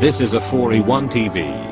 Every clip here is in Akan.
This is a 4E1 TV.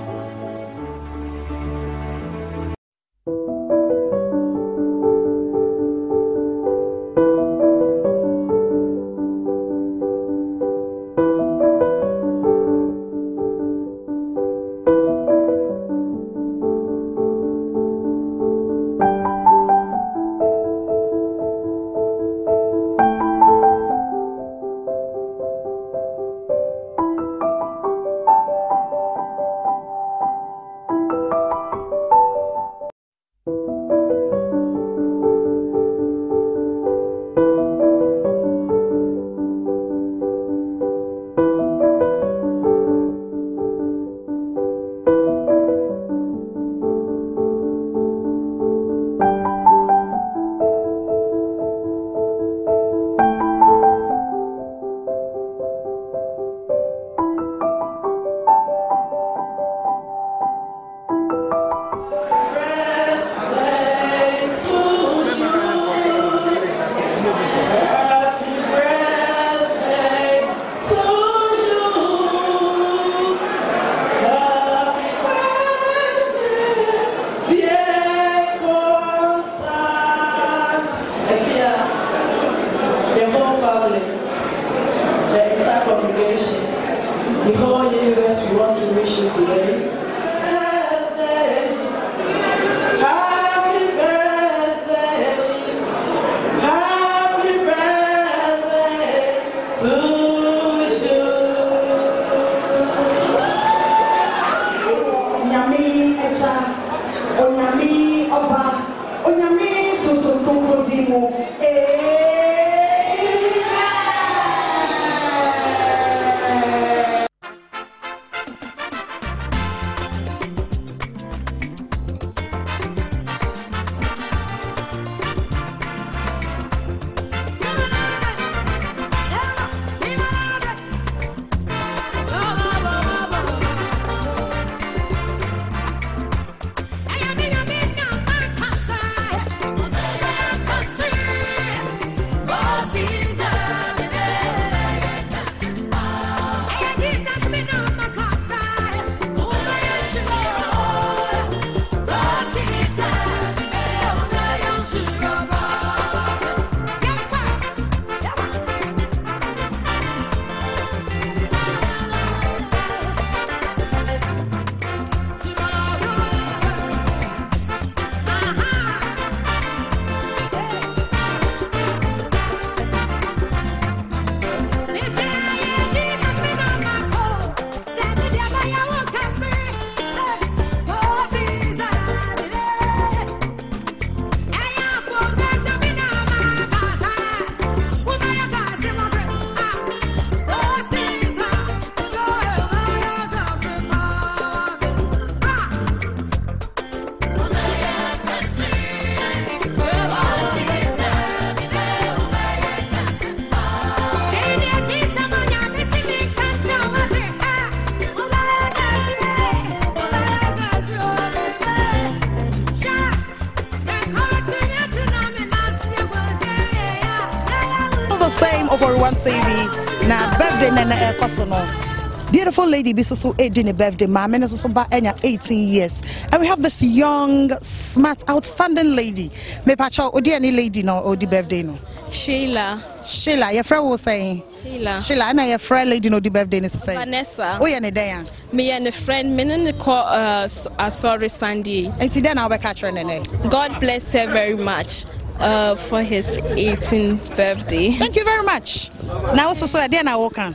ɛna ɛkɔ so no beautiful lady bi soso edi ne birthday maame ne soso ba enya 18 years and we have this young smart outstanding lady mepacha odi any lady no odi birthday no sheila sheila yɛfrɛ wo sɛn sheila sheila ɛna yɛfrɛ lady no odi birthday ne so sɛn vanessa woyɛ ne dɛn a meyɛ ne friend me ne ne kɔ asɔre sunday nti dɛn na wobɛka kyerɛ ne nɛ god bless her very much uh, for his 18th birthday thank you very much na wo soso ɛdeɛ na woka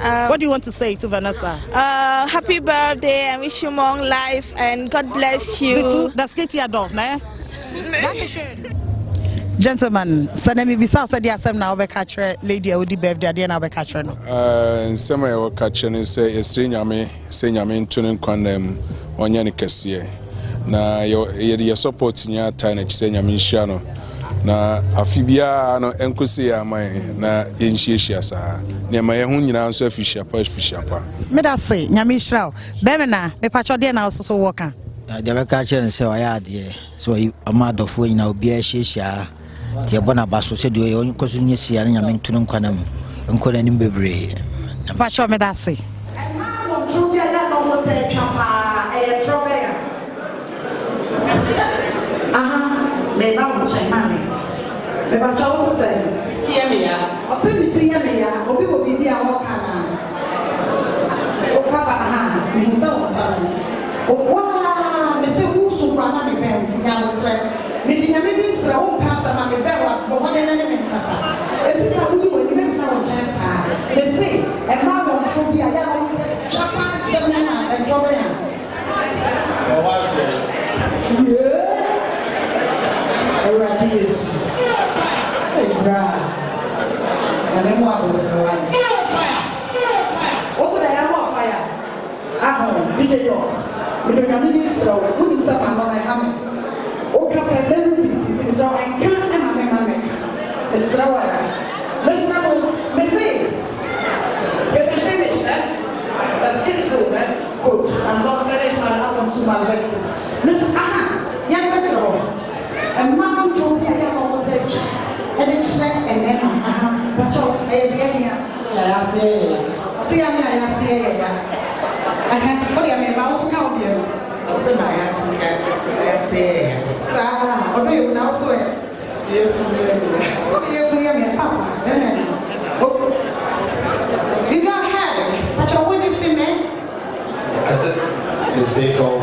Um, what do you want to say to Vanessa? Uh, happy birthday. and wish you long life and God bless you. That's geht Adolf, ne? Gentlemen, sɛ mi bisa sɛ deɛ asɛm na wobɛka kyerɛ lady a wodi birthday adeɛ na wobɛka kyerɛ no nsɛm a yɛwɔka kyerɛ no sɛ yɛsrɛ nyame sɛ nyame nto ne nkwanna mu ɔnyɛ no kɛseɛ na yɛde yɛ support nyɛ your tiny, akyi sɛ nyame nhyia no na afe biara no nkɔsi yɛ aman na yɛnhyiahyia saa nneɛma yɛn ho nyinaa nso afihyiapa afihyiapa meda se nyame hyira wo bɛme na mepakyɛ deɛ na wɔ ka deɛ bɛka kyerɛ no sɛ ɔyɛ adeɛ sɛ ɔma adɔfoɔ nyinaa obiaa hyiahyiaa nti ɛbɔ so sɛdeɛ ɔyɛ ɔnkɔ so nyɛ sia ne nyame no nkwa no mu nkɔ bebree meda se Aha, mẹbàtà ọwọ sẹsẹ. ti yẹ mi ya. ọsẹ mi ti yẹ mi ya obi wo bi bi a ọka na ọka ba ha mihu sẹ wọn sa mi ọwọ a mẹsẹ wọn sọgbọn ana mi bẹn ti ya lọ tẹ mi di nyame di nsira wọn pa asa ma mi bẹn wa bọ wọn nẹnẹ ne mi nkasa eti sa wọn yi wọn ni mẹtena wọn kyẹn saa mẹsẹ ẹ má wọn fọ bi a yà wọn twa pa kyẹn mi na ẹdọ bẹ yà. ọwọ asẹ. yéé ẹwúrẹ adi yéé su kura na ne mu abosoro wa fire! Eyo fire! Wosu na ya mu fire. Aho DJ York, mìíràn nyàmú ní ìsirò, wọ́n ní sẹ́ ma nọ na ẹ̀ha mi. Oka pẹ̀ mẹ́rin bi ti ti sọ ẹ̀ka ẹ̀ma mi ma mi. Ìsirò wà rà. Mẹ́sirà mu, mẹ́sì. Efishe mi ṣe, that's it so that good and God manage my album to my blessing. Mẹ́sì aha, yẹn bẹ̀ tẹ̀ hɔ, ẹ̀ma ń jọ bí ani kyerɛ ɛnɛ no aha bɛtɔ ɛyɛ deɛ hia afei ame a yɛaseɛ yɛ ya ɛhɛ wode ameba wo so ka wo deɛ no saa ɔdɔ yɛ mu na wo so ɛ wode yɛ funu yɛ You got hurt, but you wouldn't I said, the sake of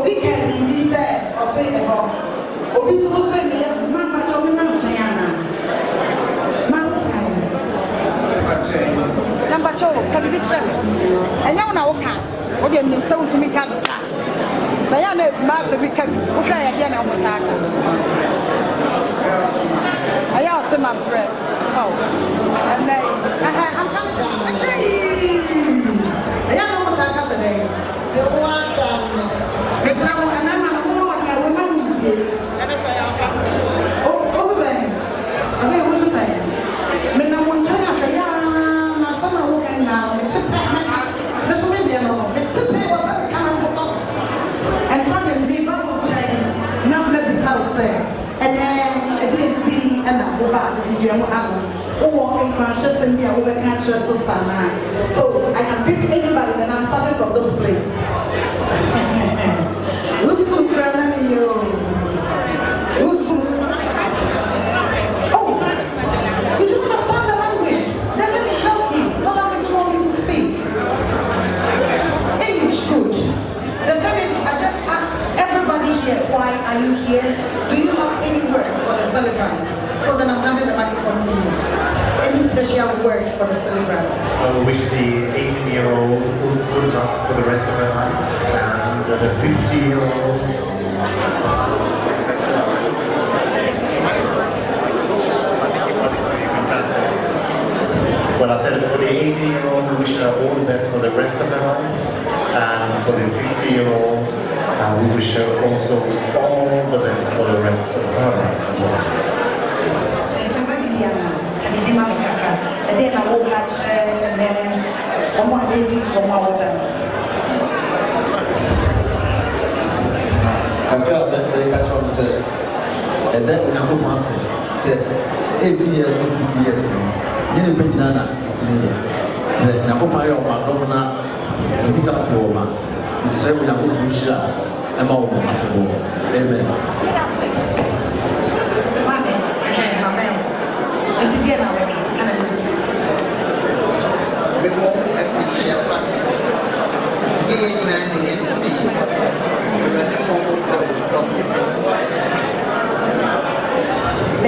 obi ka biribi sɛ ɔse ɛhɔ obi nso so sɛ meyɛ eh, mma mmatwa mema nkyɛn ana masesae na mpatwɛ o ka biribi kyerɛ so ɛnyɛ wo na woka wode anim sɛ wotumi ka dota bɛyɛ na maate bi ka bi wohwɛ yɛdeɛ na wo taa ka ɛyɛ ɔse ma brɛ ɔw ɛnɛ ɛhɛ anka ɛkyɛ yii ɛyɛ na wo taa ka tɛ dɛn kyerɛ wo ɛna ma no wona wɔde awo ma no ntie wosu sɛ ɔno yɛ a na asɛm a woka nyinaa mete pɛ mɛka me so me deɛ no mete pɛ wɔ So I can pick anybody and I'm starting from this place. I just everybody here, why Are you here? Do you have any word for the celebrants? So then I'm handing the microphone to you. Any special word for the celebrants? Well, wish the 18 year old good luck for the rest of her life and the 50 year old. Well, I said it for the 80-year-old, we wish her all the best for the rest of her life. And for the 50-year-old, uh, we wish her also all the best for the rest of her life as well. Thank you. kakra a ɔbɛka kyerɛ ɔmo sɛ ɛda onyankopɔn ase sɛ eighteen years to fifty years no ne nipa nyinaa na ɛtene yɛ sɛ onyankopɔn ayɛ ɔmo adom na ɔbisa to wɔ ma nsirɛ onyankopɔn nhyira ɛma wɔn afebɔ amen. Before I finish up, yeah, you know, I need to see you.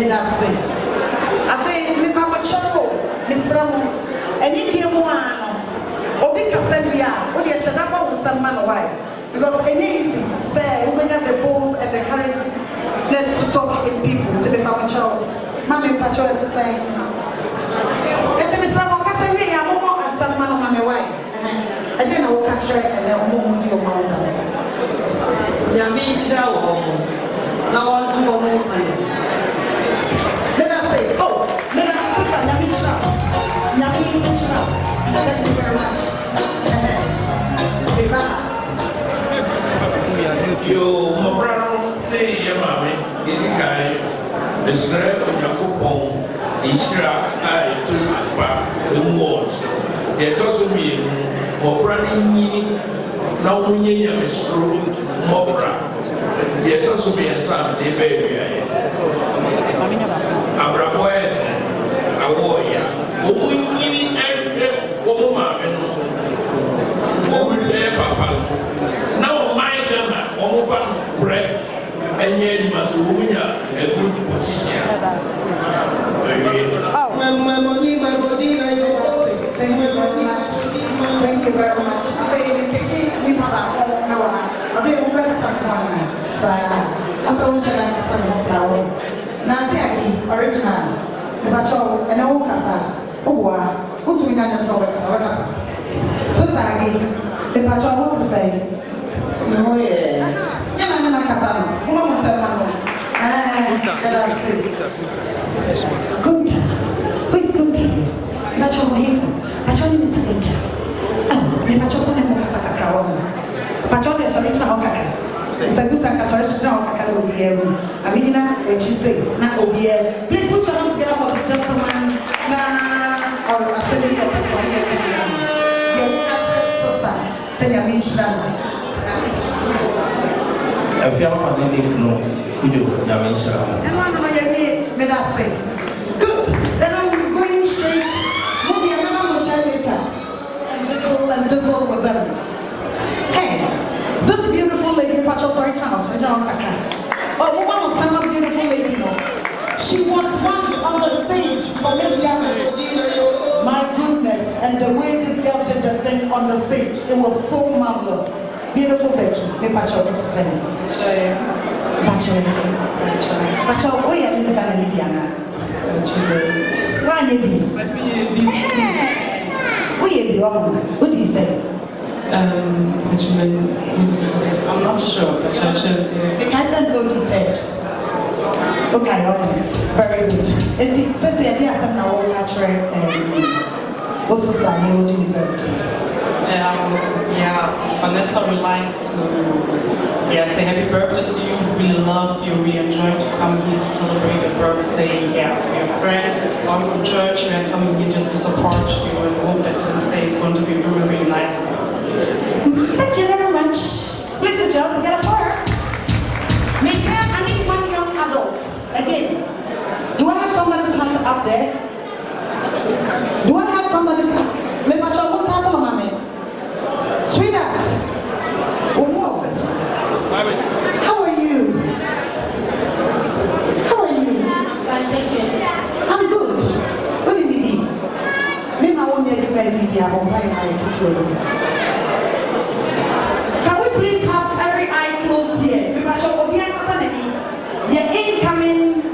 ɛna ase afei mepakɔkyɛ wo mesrɛ mo anidie mu a no obi kasa wie a wode ɛhyɛ da bɔ wo nsɛm ma no wae because ɛnyɛ easy sɛ wobɛnya the bold and the courageness to talk in people nti mepakɔkyɛ wo ma mempakyɛ wo ɛte sɛn ɛti mesrɛ mo kasa wie a mobɔ nsɛm ma no ma me wae ɛdeɛ na woka kyerɛ ɛnɛ ɔmo mu di ɔma wo nyame nhyira wɔ hɔ na wɔnto wɔ mo ane Thank you very much. Yo, mbrano ne yɛ maame yɛdi kan ɛsrɛ onyankopɔn nhyira a ɛto ba emu wɔ ɔkyerɛ deɛ ɛtɔ so mmienu mmɔfra no nyini na wɔnyɛ nyamesoro mmɔfra deɛ ɛtɔ so mmiɛnsa ne bɛɛ wiaeɛ abrabɔ yɛ awɔ ya wɔn nyini bɛyɛ papa na ɔman ghana ɔmofa no korɛ ɛnyɛ adwuma Oh wɔmunya ɛduro tipo kyehyia Thank you very much. beautiful Becky, me pacho it is same. Pacho. Pacho. Pacho, oh yeah, me gana ni biana. Pacho. Why you be? Let me be. Oh yeah, you are. What do you say? Um, pacho, I'm not sure. Pacho. Because I'm so detailed. Okay, okay. Very good. And see, since the idea that now we're will not try, um, what's the sign you will deliver? yeah, Vanessa would like to yeah, say happy birthday to you. We love you. We enjoy to come here to celebrate your birthday. Yeah, your friends, from church, we are coming here just to support you and hope that this day is going to be really, really nice. Thank you very much. Please, would you and get a fire? May I need one young adult. Again, do I have somebody's hand up there? Do I have somebody's hand? Le patron, what happened, mommy? Sweetheart, Omo of it. How are you? How are you? I'm good. What did you do? Me na won ye di me di dia bon pai na e Can we please have every eye closed here? We must show obi an kata ne incoming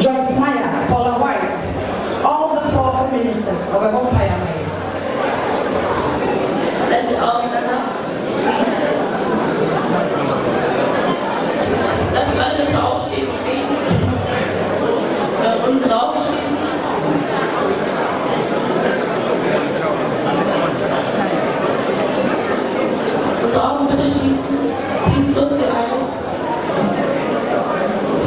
Joyce Meyer, Paula White, all the four ministers of a bon Augen bitte schließen. Please close your eyes.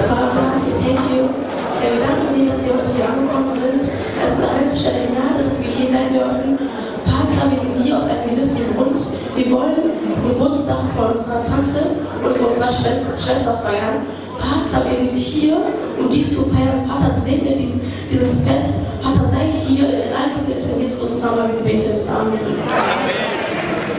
Vater, thank you. wir danken dir, dass wir heute hier angekommen sind. Es ist eine besondere Gnade, dass wir hier sein dürfen. Vater, wir sind hier aus einem gewissen Grund. Wir wollen Geburtstag von unserer Tante und von unserer Schwester feiern. Vater, wir sind hier, um dies zu feiern. Vater, segne dies, dieses Fest. Vater, sei hier in allen Gefäßen, Jesus Christus, Name gebetet. Amen. Amen.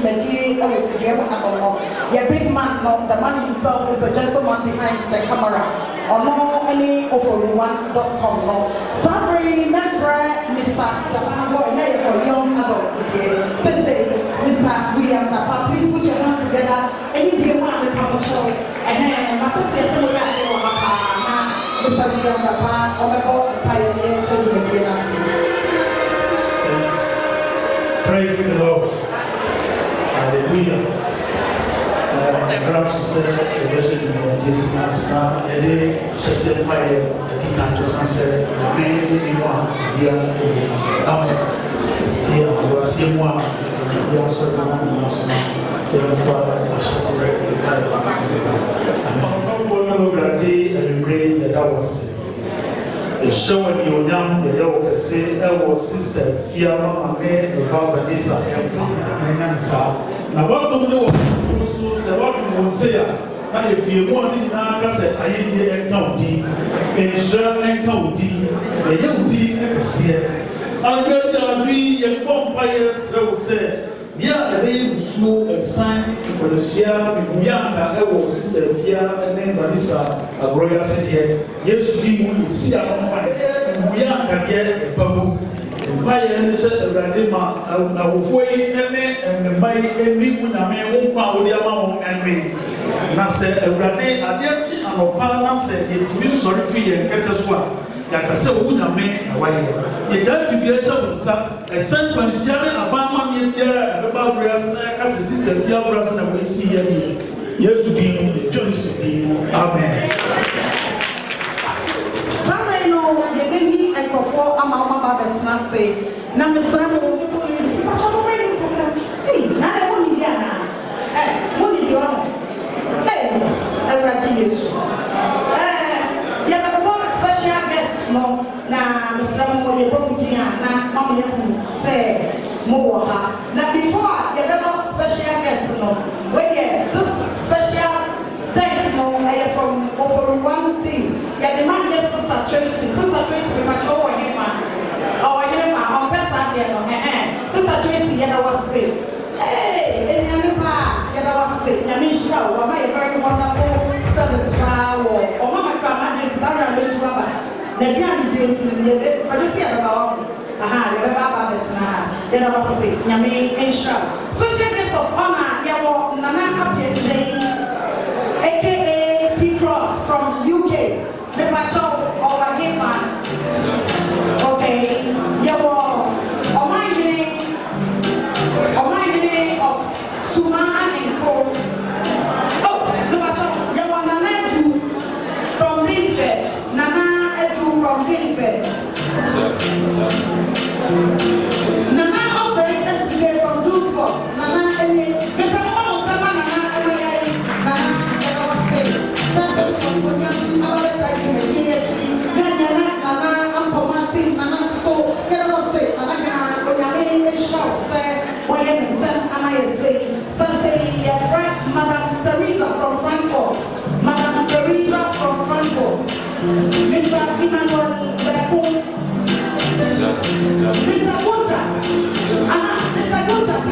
The uh, uh, big man, no, the man himself is the gentleman behind the camera. Ono uh, any overruwan.com no. Sorry, my friend, Mr. Japan Boy. now you're for young adults again. Sensei, Mr. William Dapa, please put your hands together. Any day one with my show. And my sister, Mr. William Dapa, Omebo, Pioneer, Show to the Praise the Lord. haleluya ɛbra so sɛ yɛbɛhyɛ dwuma de sina sina yɛde hyɛ sɛ mpa yɛ adi kanto sa sɛ ɔbe ne mu a bia ama ti ahobraseɛ mu a bia nso na nyina so yɛmfa ahyɛ sɛ ɛka amamabɔ no no wurade anwummere yɛda wɔ se ɛhyɛ wɔ anuonyam yɛyɛ wɔ kɛse ɛwɔ sister fia mama ne ne ba vanessa ɛma ne nam saa na wɔdom ne wɔn kunkun so sɛ wɔdom wɔn se a na efie mu a ne nyinaa ka sɛ ayɛyie ɛnka wo din nhyira ɛnka wo din ɛyɛ wo din kɛseɛ adeɛ daabi yɛn bɔ mpa yɛ srɛ wo sɛ bia ɛbɛyɛ nsuo ɛsan nkɔlɛhyia bibia nka ɛwɔ sista fia ne vanessa agorɔ yɛ ase deɛ yesu di mu yɛsi ano a ɛyɛ mmuya nkadeɛ ɛba mu mpaeɛ ne sɛ awurade ma awofoɔ yi ne mmɛma yi ani nyame wo nkwa a wode ama wɔn ɛme na sɛ awurade adeɛ kye anɔpa na sɛ yɛtumi sɔre firi yɛn kɛtɛ so a yàkàsẹ owó nyame àwáyé ìjà fìbíyà ẹsẹ wọn nsa ẹsẹ nkwanhyia ne abamma mi biara ẹbẹba awura sinna yàkà sẹ sísè fi awura sinna wọn esi yẹ ni yẹsu dín mu ìjọ yẹsu dín mu amen. sábẹ́ inú yẹ bẹ́ yí ẹ̀kọ́fọ́ amáwá abɛtena ase na mesrɛ mo wo yɛfo yɛ nipakyɛ mo mɛ ne nkɔmra ei na dɛ mo ne di anaa ɛ eh, mo ne di ɔno ɛ eh, awurade yesu eh, yɛbɛbɛbɔ special guest no na mesrɛ mo yɛbɔ mo din a na ma mo yɛhu sɛ mowɔ ha na before a yɛbɛbɔ special guest no wɔyɛ this special thanks no ɛyɛ from yɛda wase ɛnua ne ba a yɛda wase nyame nhyira wo wama yɛ very wonderful service paa wɔ ɔma ma kura ma de sara bɛtu aba na aduane deɛ nti yɛbɛ pɛdɛ sɛ yɛbɛba wɔ aha yɛbɛba aba abɛtena a yɛda wase nyame nhyira wo social guest of honour yɛwɔ nana api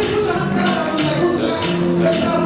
Thank you.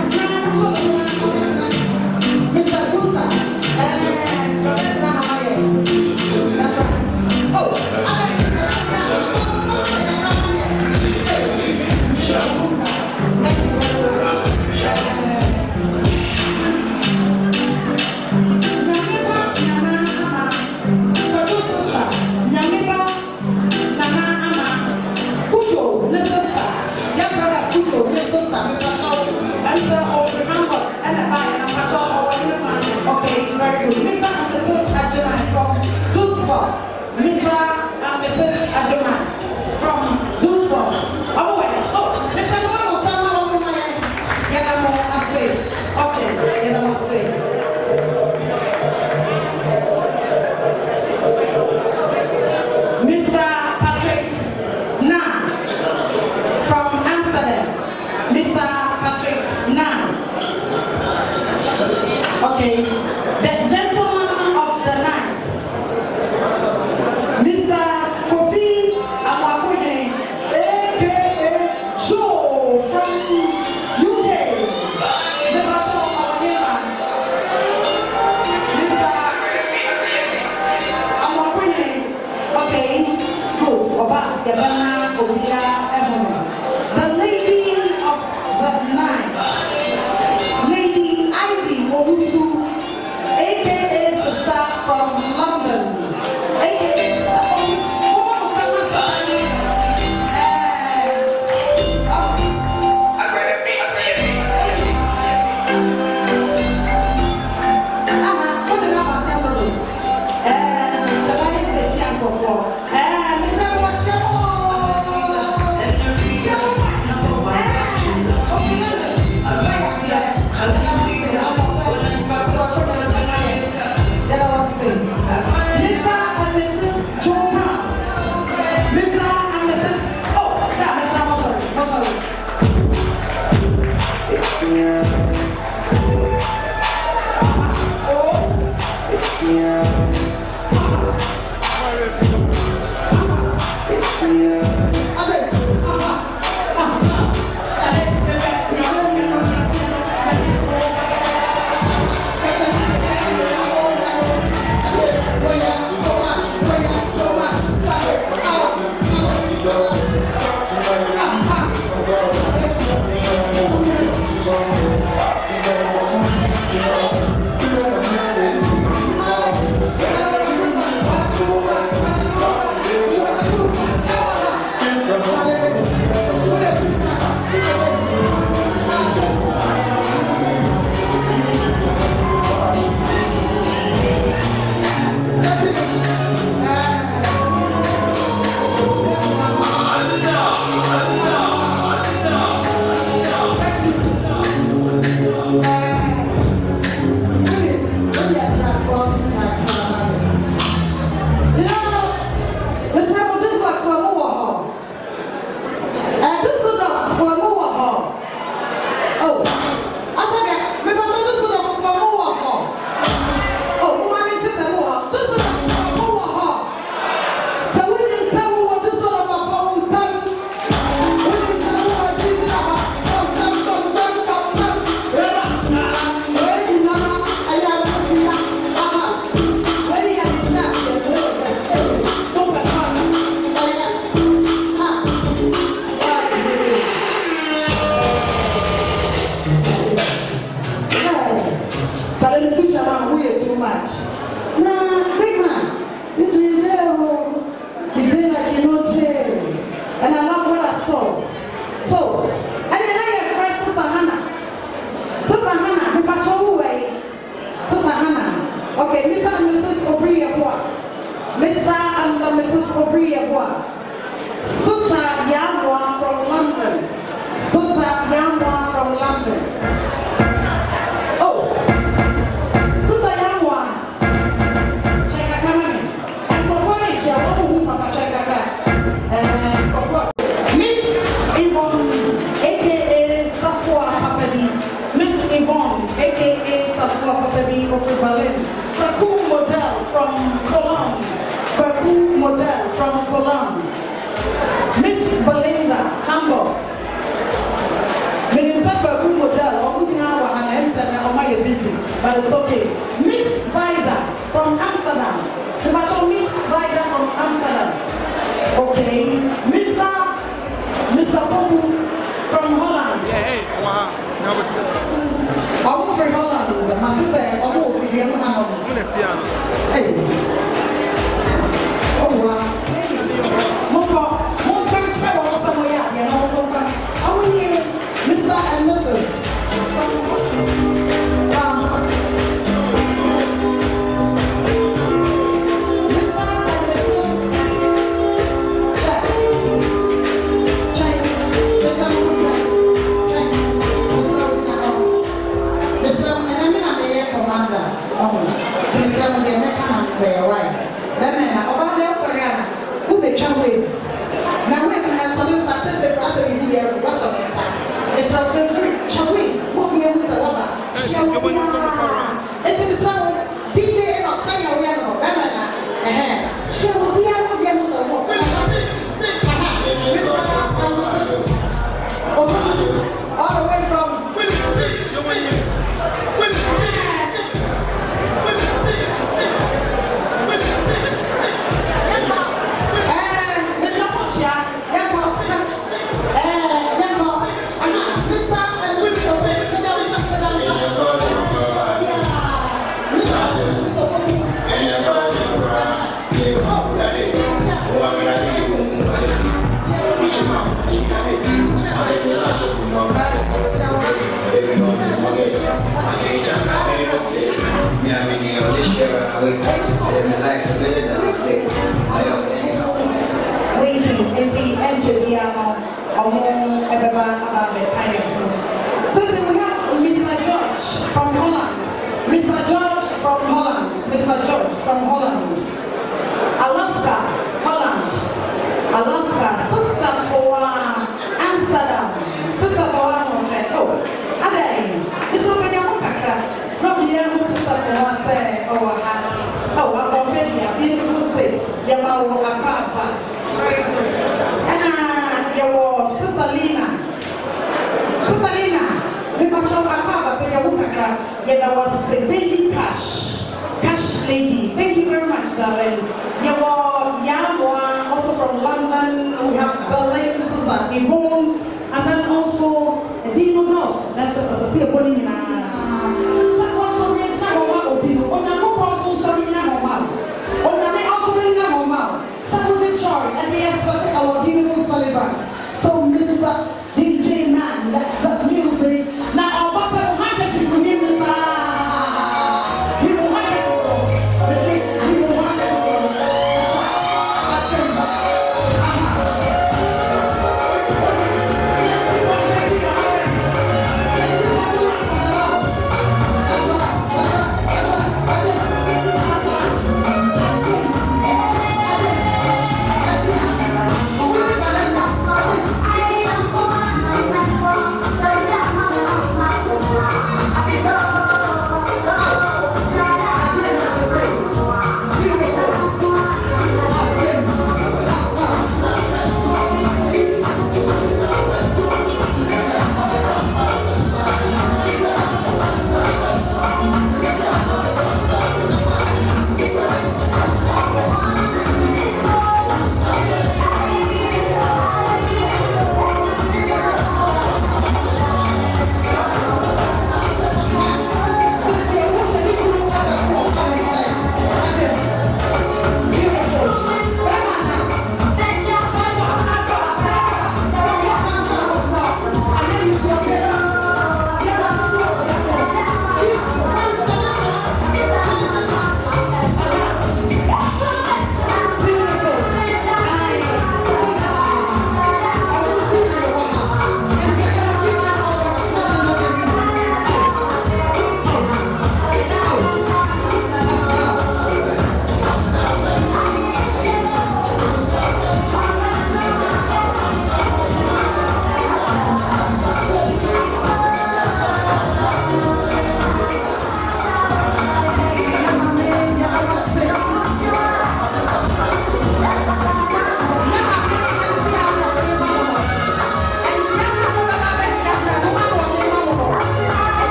no, that's, o sea, sí can. buena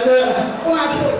Caraca! Quatro.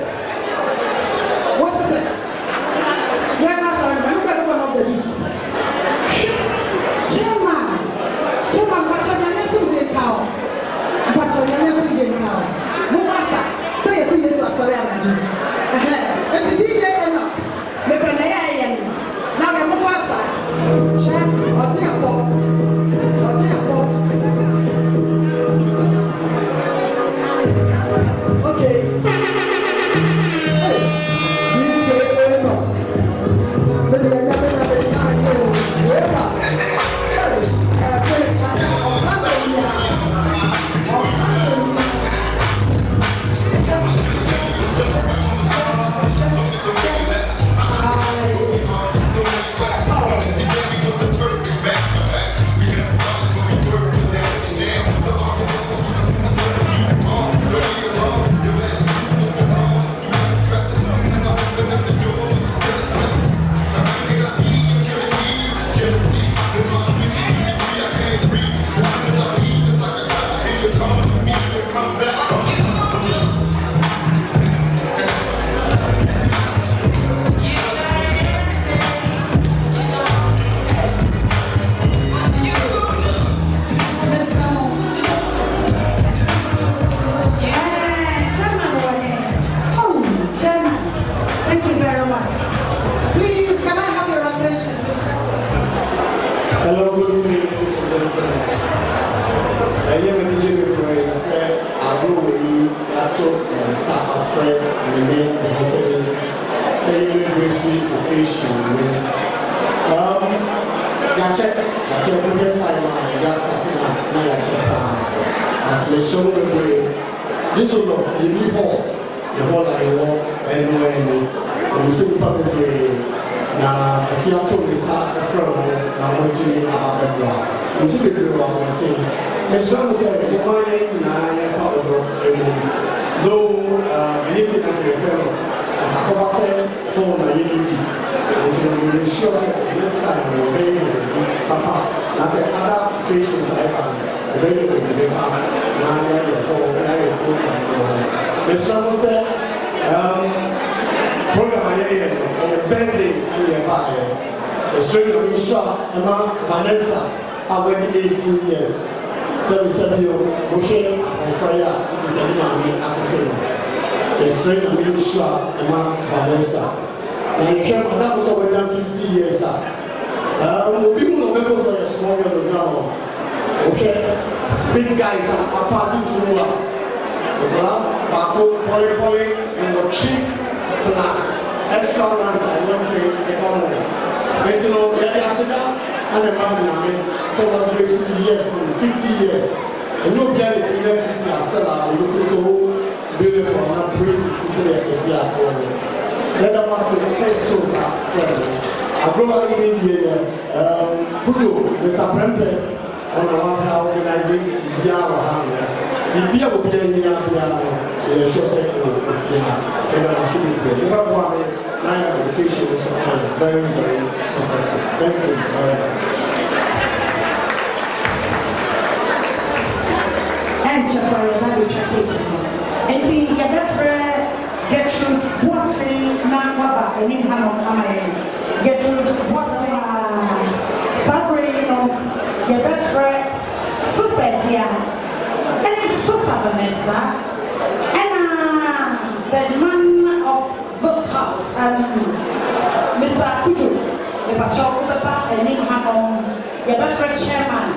chairman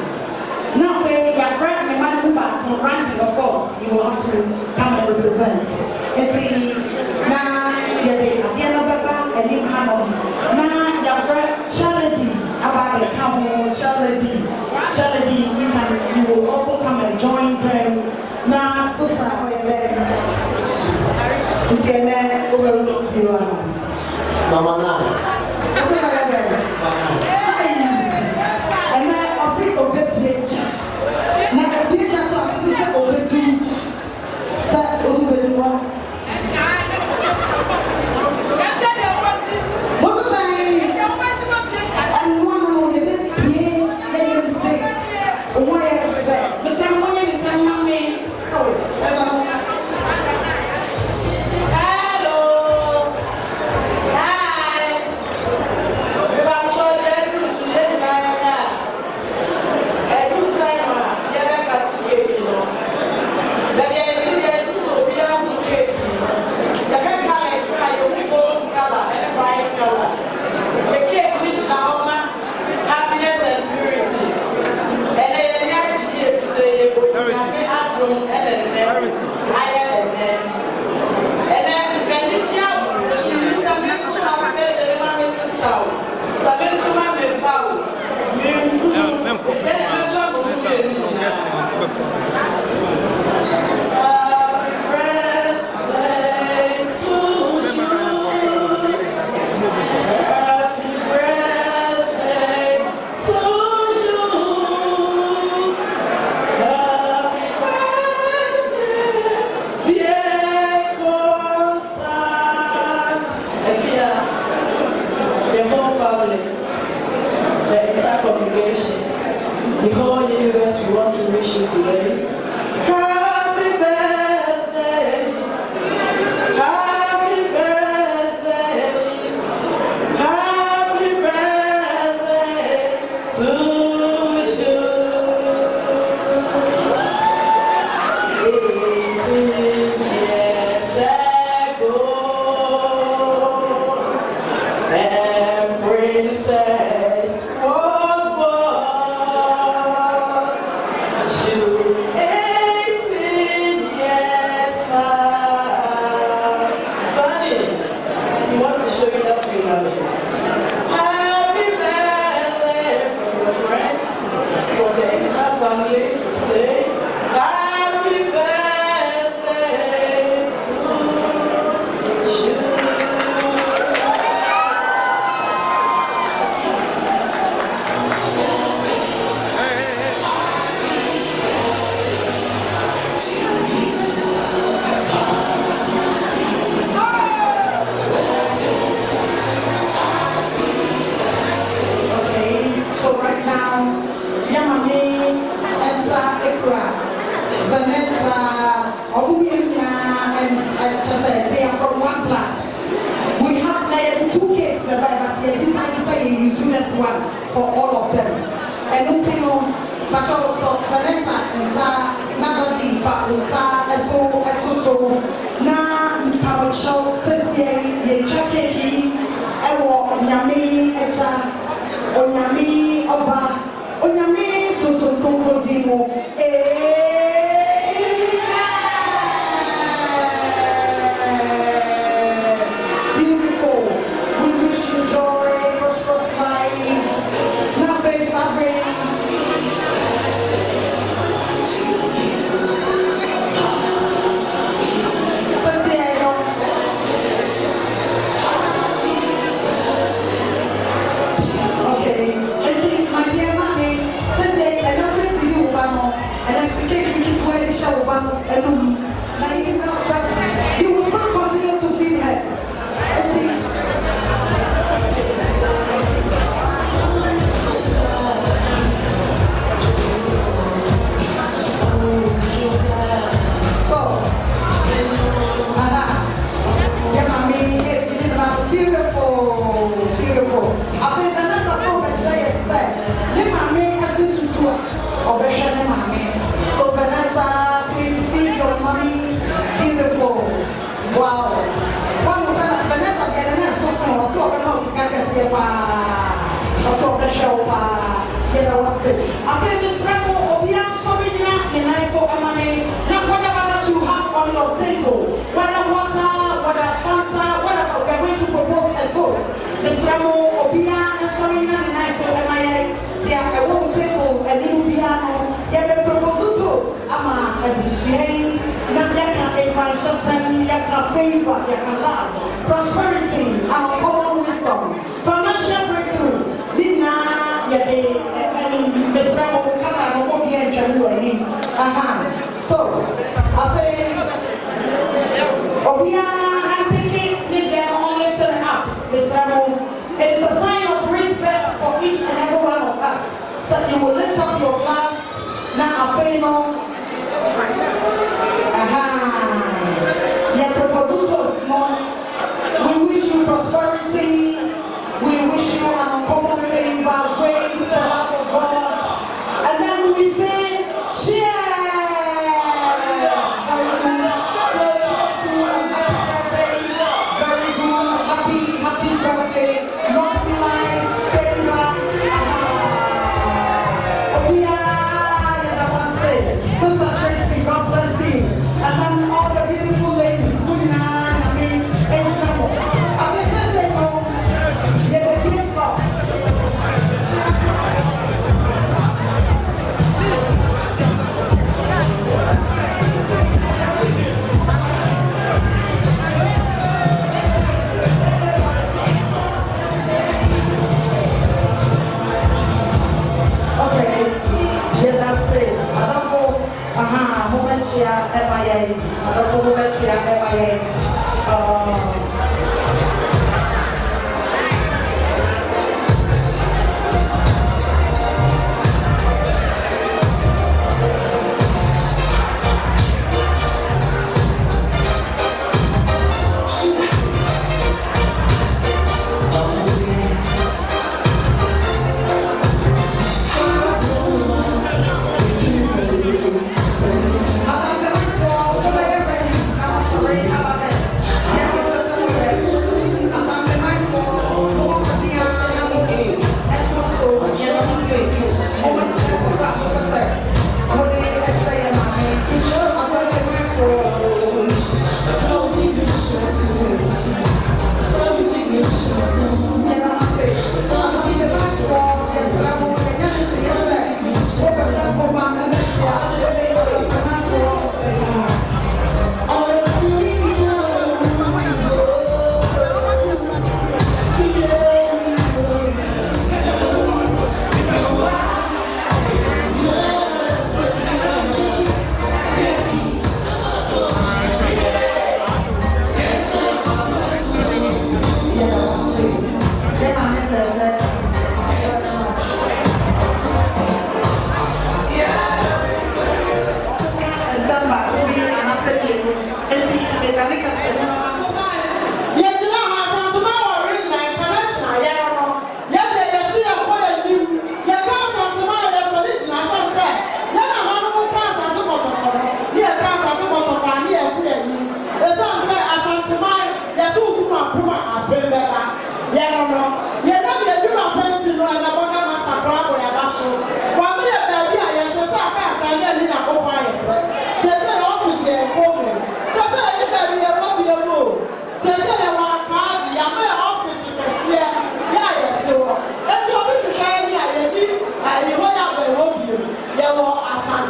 na afei yɛafrɛ me ma no mu baako ranking of course you will have to come and represent It is nti na the adeɛ no bɛba anim now your friend charity about abɛka come, charity charity you can you will also come and join them na sister ɔyɛ nti ɛnɛ wobɛwɔ bi wa mama naa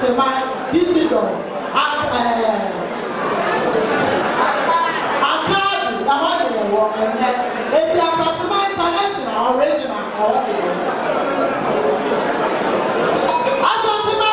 Sema Isidore Akadu ẹ̀họ́ de wọ̀ wọ̀ ẹ̀yẹ etí Asatuma international original ẹ̀họ́ de wọ̀